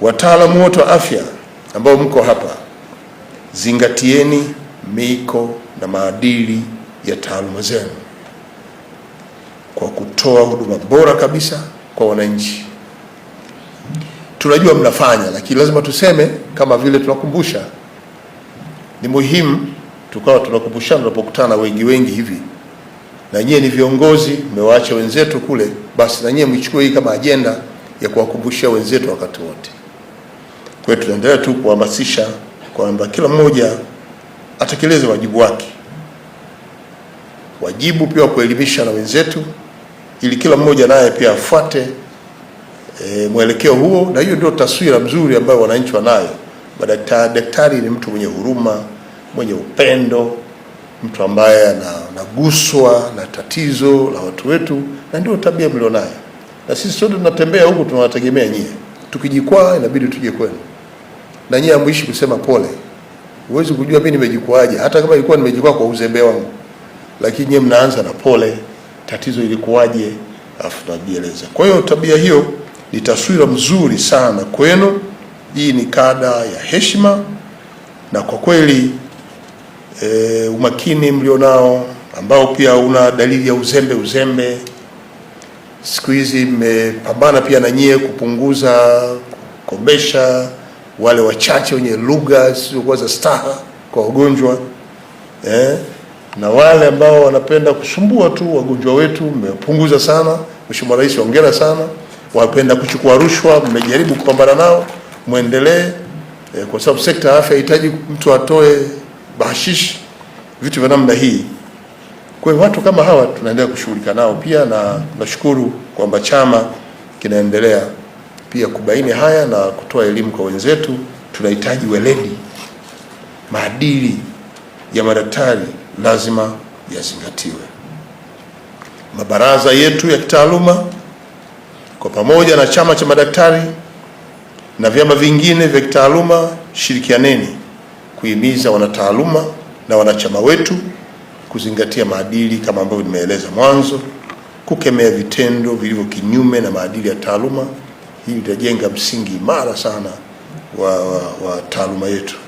Wataalamu wote wa afya ambao mko hapa, zingatieni miko na maadili ya taaluma zenu kwa kutoa huduma bora kabisa kwa wananchi. Tunajua mnafanya, lakini lazima tuseme kama vile tunakumbusha. Ni muhimu tukawa tunakumbushana tunapokutana wengi wengi hivi, na nyie ni viongozi, mmewaacha wenzetu kule, basi na nyie mwichukue hii kama ajenda ya kuwakumbushia wenzetu wakati wote. Kwa hiyo tunaendelea tu kuhamasisha kwamba kila mmoja atekeleze wajibu wake, wajibu pia wa kuelimisha na wenzetu, ili kila mmoja naye pia afuate e, mwelekeo huo, na hiyo ndio taswira mzuri ambayo wananchi wanayo. Madaktari, daktari ni mtu mwenye huruma, mwenye upendo, mtu ambaye anaguswa na tatizo la watu wetu, na ndio tabia mlionayo, na sisi sote tunatembea huku tunawategemea nyie, tukijikwaa inabidi tuje kwenu na nyie amuishi kusema pole. Huwezi kujua mimi nimejikwaje, hata kama ilikuwa nimejikwaa kwa uzembe wangu, lakini nyie mnaanza na pole, tatizo ilikuwaje, afu tunajieleza. Kwa hiyo tabia hiyo ni taswira mzuri sana kwenu. Hii ni kada ya heshima, na kwa kweli e, umakini mlionao ambao pia una dalili ya uzembe uzembe siku hizi mmepambana pia na nyie kupunguza, kukombesha wale wachache wenye lugha zisizokuwa za staha kwa wagonjwa eh, na wale ambao wanapenda kusumbua tu wagonjwa wetu, mmepunguza sana. Mheshimiwa Rais, hongera sana. Wapenda kuchukua rushwa, mmejaribu kupambana nao, mwendelee eh, kwa sababu sekta ya afya hahitaji mtu atoe bahashishi, vitu vya namna hii. Kwa hiyo watu kama hawa tunaendelea kushughulika nao pia, na nashukuru kwamba chama kinaendelea pia kubaini haya na kutoa elimu kwa wenzetu. Tunahitaji weledi, maadili ya madaktari lazima yazingatiwe. Mabaraza yetu ya kitaaluma kwa pamoja na chama cha madaktari na vyama vingine vya kitaaluma, shirikianeni kuhimiza wanataaluma na wanachama wetu kuzingatia maadili kama ambavyo nimeeleza mwanzo, kukemea vitendo vilivyo kinyume na maadili ya taaluma hii itajenga msingi imara sana wa, wa, wa taaluma yetu.